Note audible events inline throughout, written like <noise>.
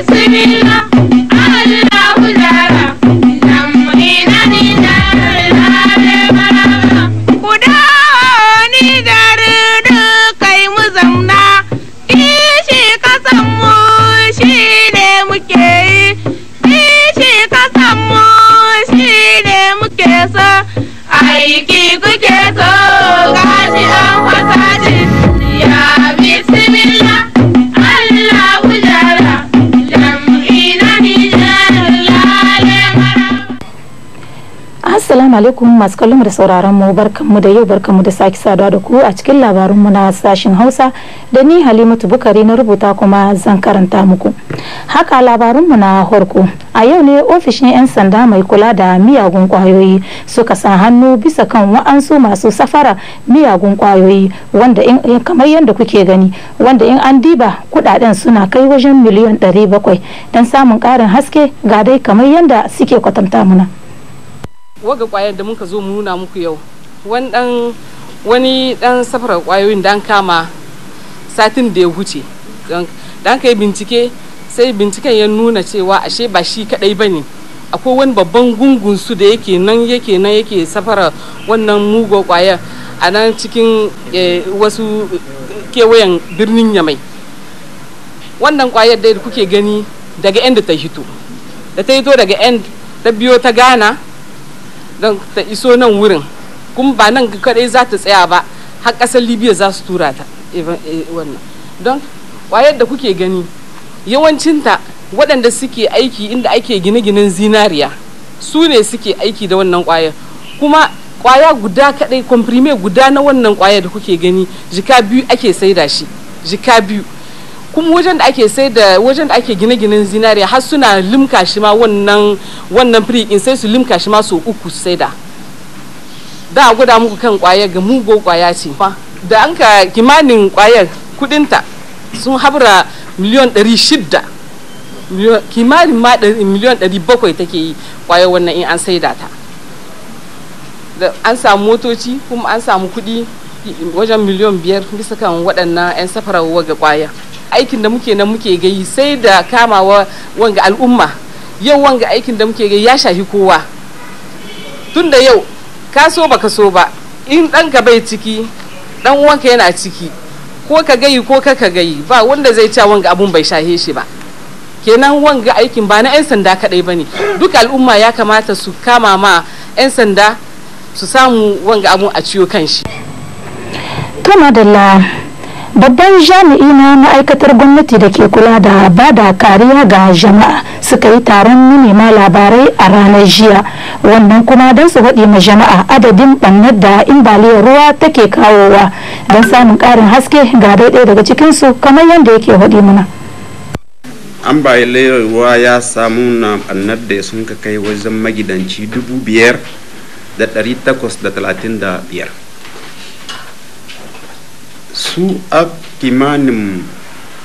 Bismillah Assalamu alaikum masu kallon da sauraron mu barkanmu da yau barkanmu da sake saduwa da ku a cikin labarun mu na sashin Hausa da ni Halimatu Bukari na rubuta kuma zan karanta muku. Haka labarun mu na horko a yau ne ofishin 'yan sanda mai kula da miyagun kwayoyi suka sa hannu bisa kan wa'ansu masu safara miyagun kwayoyi wanda in kamar yadda kuke gani wanda in an diba kudaden suna kai wajen miliyan 700 don samun karin haske ga dai kamar yadda suke kwatanta muna. waga kwayan da muka zo mu nuna muku yau wani dan wani dan safarar kwayoyin dan kama satin da ya huce dan kai bincike sai binciken ya nuna cewa ashe ba shi kadai bane akwai wani babban gungun su da yake nan yake nan yake safara wannan mugo kwayar a nan cikin eh, wasu kewayen birnin yamai wannan kwayar da kuke gani daga inda ta hito da ta hito daga end ta biyo ta gana don ta iso nan wurin kuma ba nan kadai za ta tsaya ba har kasar libya za su tura ta eh, don wayar da kuke gani yawancinta waɗanda suke aiki inda ake gine-ginen zinariya su ne suke aiki da wannan kwayar kuma kwaya guda kadai komprime guda na wannan kwaya da kuke gani jika biyu ake saida shi jika biyu kuma wajen da ake sai da wajen da ake gine-ginen zinariya har suna limka shi ma wannan wannan in sai su limka shi ma so uku sai da da guda muku kan kwaya ga mugo kwaya ce da an ka kimanin kwayar kudinta sun habra miliyon 600 kimanin ma miliyon 700 take yi kwayar wannan in an da ta an samu motoci kuma an samu kudi wajen miliyon biyar bisa kan waɗannan 'yan safarawa ga kwaya. aikin da muke nan muke gai sai da kamawa wanga al'umma yau wanga aikin da muke gai ya shahi kowa tun da yau ka so ba ka so ba in ɗanka bai ciki ɗan uwanka yana ciki ko ka gayi ko ka ka gayi ba wanda zai ce wanga abun bai shahe shi ba kenan wanga aikin ba na 'yan sanda kaɗai ba ne duk al'umma ya kamata su kama ma 'yan sanda su samu wanga abun a ciyo kan shi. kama da la. babban jami'i na ma'aikatar gwamnati da ke kula da ba da kariya ga jama'a suka yi taron manema labarai a ranar jiya wannan kuma don su faɗi ma jama'a adadin ɓannar da imbaliyar ruwa take kawowa don samun ƙarin haske ga daidai daga cikinsu kamar yadda yake faɗi mana an ambaliyar ruwa ya samu na ɓannar da sun ka kai wajen magidanci dubu biyar da ɗari takwas da talatin da biyar su a kimanin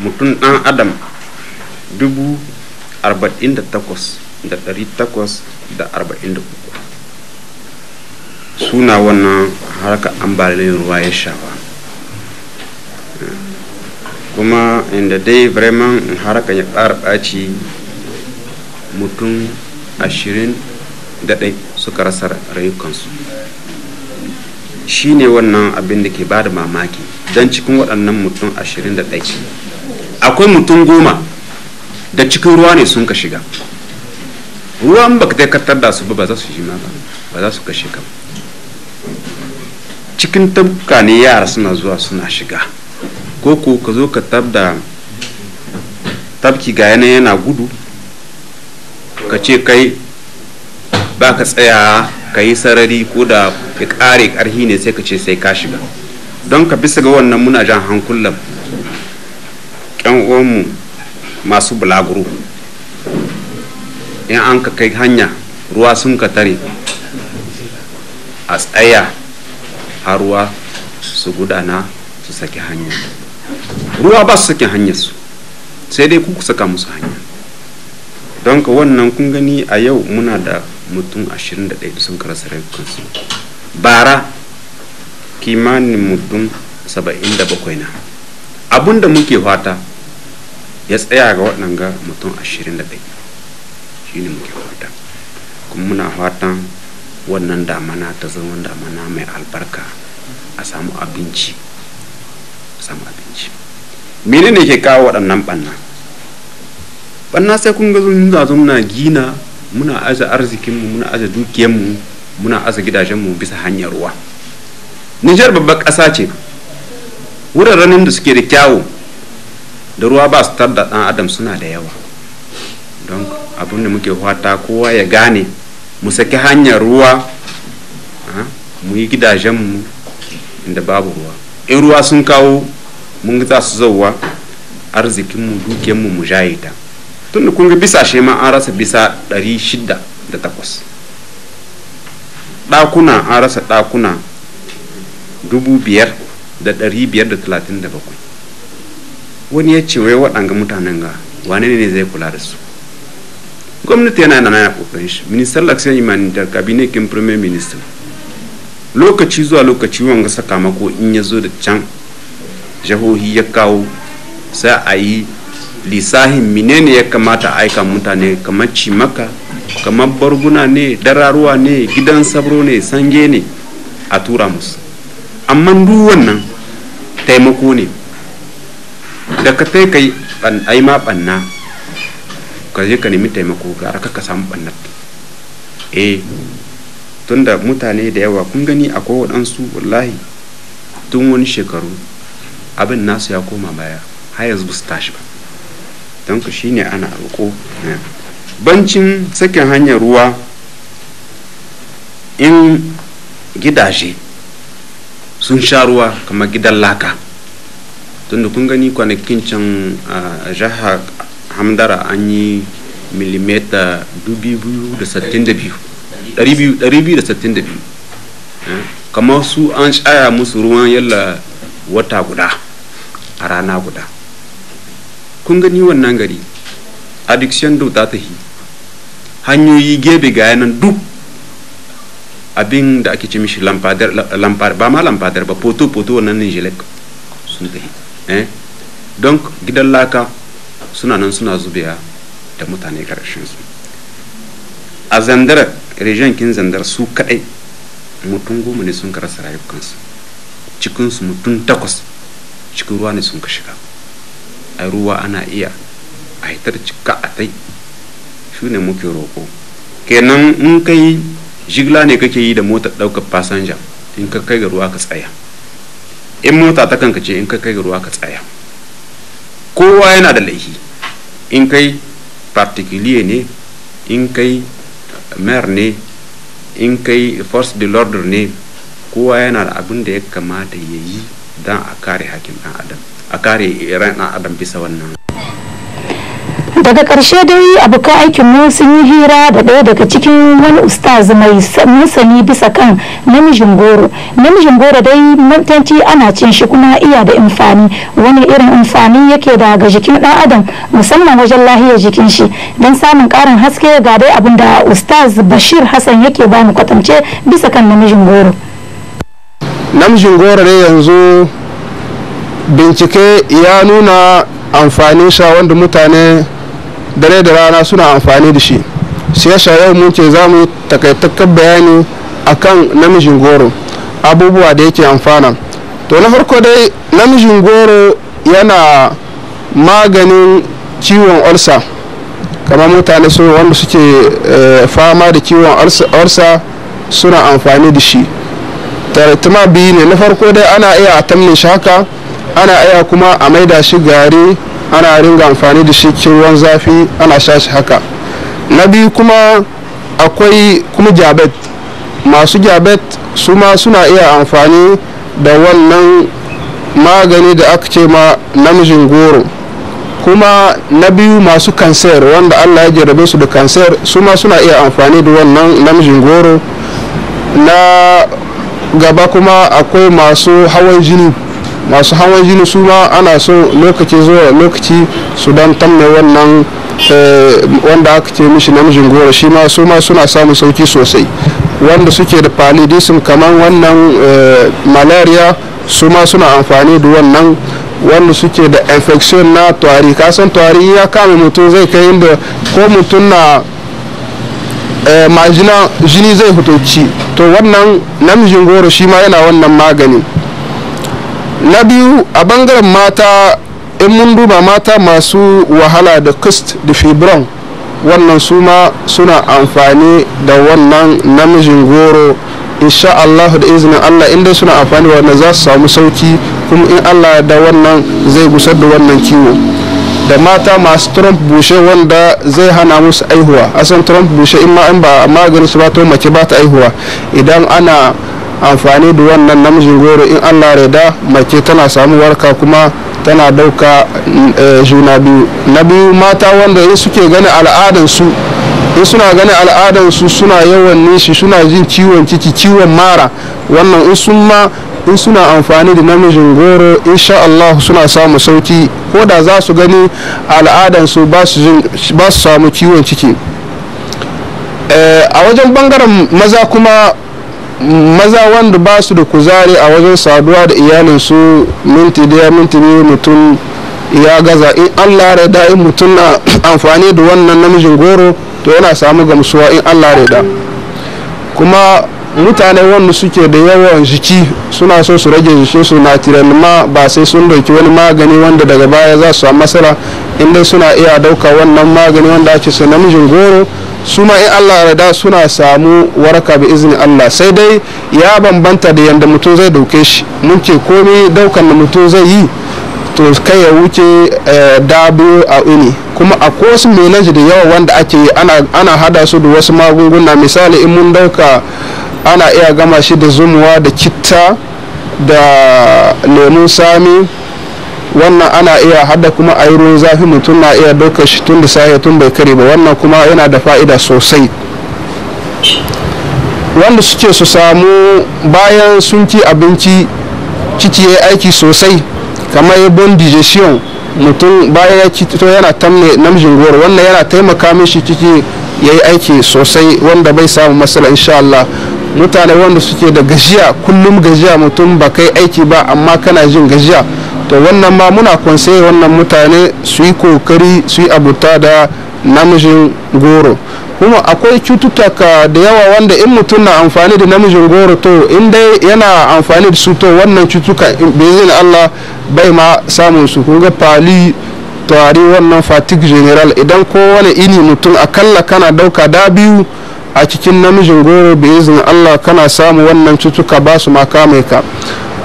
mutum ɗan adam dubu arba'in da takwas da ɗari takwas da arba'in da uku suna wannan harka ambaliyar ruwa ya shafa kuma inda dai vraiment haraka ya ƙara ɓaci mutum ashirin da ɗai suka rasa rayukansu Shi ne wannan abin da ke bada mamaki don cikin waɗannan mutum ashirin da ɗaki akwai mutum goma da cikin ruwa ne sun ka shiga ruwan ba dai katar da su ba za su shi ma ba za su kashe ka cikin tabka ne yara suna zuwa suna shiga ko ko ka zo ka tabda tabki ga yana yana gudu ka ce kai ba ka tsaya ka yi sarari ko da ya ƙare ƙarhi ne sai ka ce sai ka shiga don ka bisa ga wannan muna jan hankulan ƙyan uwanmu masu bulaguro in an ka kai hanya ruwa sun ka tare a tsaya har ruwa su gudana su saki hanya ruwa ba su saki hanyarsu sai dai ku saka musu hanya don ka wannan kun gani a yau muna da mutum 21 da sun karasa rayukansu bara kimanin mutum 77 na abun da muke fata ya tsaya ga waɗanga mutum 21 shi ne muke fata kuma muna fatan wannan damana ta zama damana mai albarka a samu abinci a samu abinci menene ke kawo waɗannan ɓannan banna sai kun ga mun zo muna gina muna aza mu muna aza mu muna aza mu bisa hanyar ruwa nijar babbar ƙasa ce wuraren da suke da kyawu da ruwa ba su tar da ɗan adam suna da yawa don abin da muke fata kowa ya gane mu saki hanyar ruwa ah, mu yi mu inda babu ruwa in ruwa sun kawo mun za su zauwa arzikinmu dukiyanmu mu jaye ta tun da kun bisa shi ma an rasa bisa 608 ɗakuna an rasa ɗakuna 5,537 wani ya ce wai waɗanga mutanen ga wane ne zai kula da su gwamnati yana nan ya kokarin shi ministan laksiyar imanin da kin premier minister lokaci zuwa lokaci wanga sakamako in ya zo da can jahohi ya kawo sai a yi lisahin minene ya kamata aika mutane kamar cimaka kamar barguna ne dararuwa ne gidan sabro ne sange ne a tura musu amma duk wannan taimako ne da ka tai kai ai ma banna ka je ka nemi taimako gara ka samu banna eh da mutane da yawa kun gani akwai waɗansu wallahi tun wani shekaru abin nasu ya koma baya har yanzu su tashi ba don ka ne ana roƙo bancin sakin hanyar ruwa in gidaje sun sha ruwa kamar gidan laka tunda kun gani kwanakin can a jihar hamdara an yi milimeta 262 kamar su an tsaya musu ruwan yalla wata guda a rana guda kun gani wannan gari addiction da ta tahi hanyoyi gebe ga yanan duk abin da ake ce mishi lampar ba ma lampadar ba poto poto wannan ne jelek sun tahi eh don gidan laka suna nan suna zubewa da mutane karshen su a zandar region kin zandar su kadai mutum goma ne sun karasa rayukansu cikinsu mutum takwas cikin ruwa ne sun ka shiga a ruwa ana iya a hitar cika a tai su ne muke roƙo kenan in kai jigila ne kake yi da motar ɗaukar fasanja in ka kai ga ruwa ka tsaya in mota ta kanka ce in ka kai ga ruwa ka tsaya kowa yana da laifi in kai particulier ne in kai mayor ne in kai force de l'ordre ne kowa yana da abin da ya kamata ya yi don a kare hakin ɗan adam a kare ran adam bisa wannan daga ƙarshe dai abokan aikin mu sun yi hira da ɗaya daga cikin wani ustaz mai masani bisa kan namijin goro namijin goro dai mantanci ana cin shi kuma iya da amfani wani irin amfani yake da ga jikin ɗan adam musamman wajen lahiyar jikin shi don samun ƙarin haske ga dai abin da ustaz bashir hassan yake ba mu kwatance bisa kan namijin goro namijin goro ne yanzu bincike ya nuna amfanin sha wanda mutane dare da rana suna amfani da shi sha yau mun ce za mu takaitakkar bayani a kan namijin goro abubuwa da yake amfana to na farko dai namijin goro yana maganin ciwon olsa kamar mutane su wanda suke eh, fama da ciwon olsa suna amfani da shi tarattuma biyu ne na farko dai ana iya a shi haka ana iya kuma a maida shi gari ana ringa amfani da shi cikin ruwan zafi ana sha shi haka na biyu kuma akwai kuma jabet masu jabet su ma suna iya amfani da wannan magani da aka ce ma namijin goro kuma na biyu masu kanser wanda allah ya jarabe su da kanser su ma suna iya amfani da wannan namijin goro na gaba kuma akwai masu hawan jini masu hawan jini su ma ana so lokaci zuwa lokaci su dan tamme wannan eh, wanda aka ce mishi namijin goro shi ma su ma suna samun sauki sosai wanda suke da palidism kamar wannan eh, malaria su ma suna amfani da wannan wanda suke da infection na tuwari kasan tuwari ya kama mutum zai kai inda ko mutum na eh, majina jini zai hutoci to wannan namijin goro shi ma yana wannan magani na biyu a bangaren mata in mun duba mata masu wahala da kust da fibron wannan su ma suna amfani da wannan namijin goro insha Allah da izinin Allah inda suna amfani wannan za su samu sauki kuma in Allah da wannan zai gusar da wannan kiwo da mata masu trump bushe wanda zai hana musu aihuwa asan trump bushe in ma an ba maganin su ba to mace ba ta aihuwa idan ana amfani da wannan namijin goro in allah reda mace tana samu warka kuma tana dauka eh, juna biyu na biyu mata wanda in suke gani al'adansu in suna gani al'adansu suna yawan nishi suna jin ciwon ciki ciwon mara wannan in sun ma in suna amfani da namijin goro insha Allah suna samu sauki ko da za su gani al'adansu ba su samu ciwon ciki eh, a wajen bangaren maza kuma maza wanda ba su da kuzari a wajen saduwa da iyalinsu minti daya minti biyu mutum ya gaza in allah da in mutum na <coughs> amfani da wannan namijin goro to yana samu gamsuwa in allah da. kuma mutane wanda suke da yawan jiki suna so su rage jikinsu na ma ba sai sun dauki wani magani wanda daga baya za su samu masara inda suna iya dauka wannan magani wanda ake sa namijin goro su ma in Allah rada suna samu waraka bi izini Allah sai dai ya bambanta da yadda mutum zai dauke shi mun ce komai daukan da mutum zai yi to kai ya wuce eh, dabi a uni kuma a wasu menaji da yawa wanda ake yi ana hada su da wasu magunguna misali in mun dauka ana iya gama shi da zumuwa da citta da lemun sami wannan ana iya hada kuma a yi ruwan zafi mutum na iya ɗaukar shi tun da safe tun bai kare ba wannan kuma yana da fa'ida sosai wanda suke su samu bayan sun ci abinci ciki ya aiki sosai kamar ya bon digestion mutum bayan ya ci to yana tamne namjin goro wannan yana taimaka mishi ciki ya yi aiki sosai wanda bai samu matsala insha Allah mutane wanda suke da gajiya kullum gajiya mutum ba kai aiki ba amma kana jin gajiya to wannan ma muna kwanse wannan mutane su yi kokari su yi abuta da namijin goro kuma akwai cututtuka da yawa wanda in mutum na amfani da namijin goro to in dai yana amfani da su to wannan cututtuka bezin allah bai ma samun su kunga pali tari wannan fatigue general idan kowane ini mutum akalla kana dauka da biyu a cikin namijin goro bezin allah kana samun wannan cututtuka ba su ma kame ka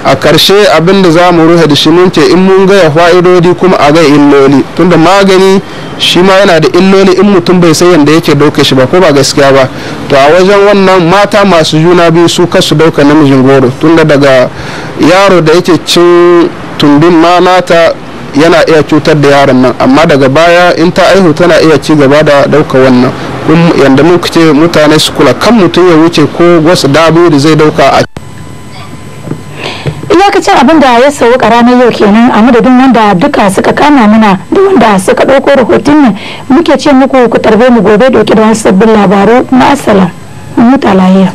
a karshe abin da za mu ruhe da shi mun ce in mun gaya fa'idodi kuma a ga illoli tunda magani shi ma yana da illoli in mutum bai san yadda yake dauke shi ba ko ba gaskiya ba to a wajen wannan mata masu juna biyu su kasu dauka namijin goro tunda daga yaro da yake cin tumbin ma mata yana iya cutar da yaron nan amma daga baya in ta aihu tana iya ci gaba da dauka wannan yadda muka ce mutane su kula kan mutum ya wuce ko wasu dabi da zai dauka a iyakacin abin da ya sauka ranar yau kenan a madadin wanda duka suka kama mana da wanda suka ɗauko rahoton nan muke ce muku ku tarbe mu gobe dauke da wasu sabbin labaru na ma'asala muta lahiya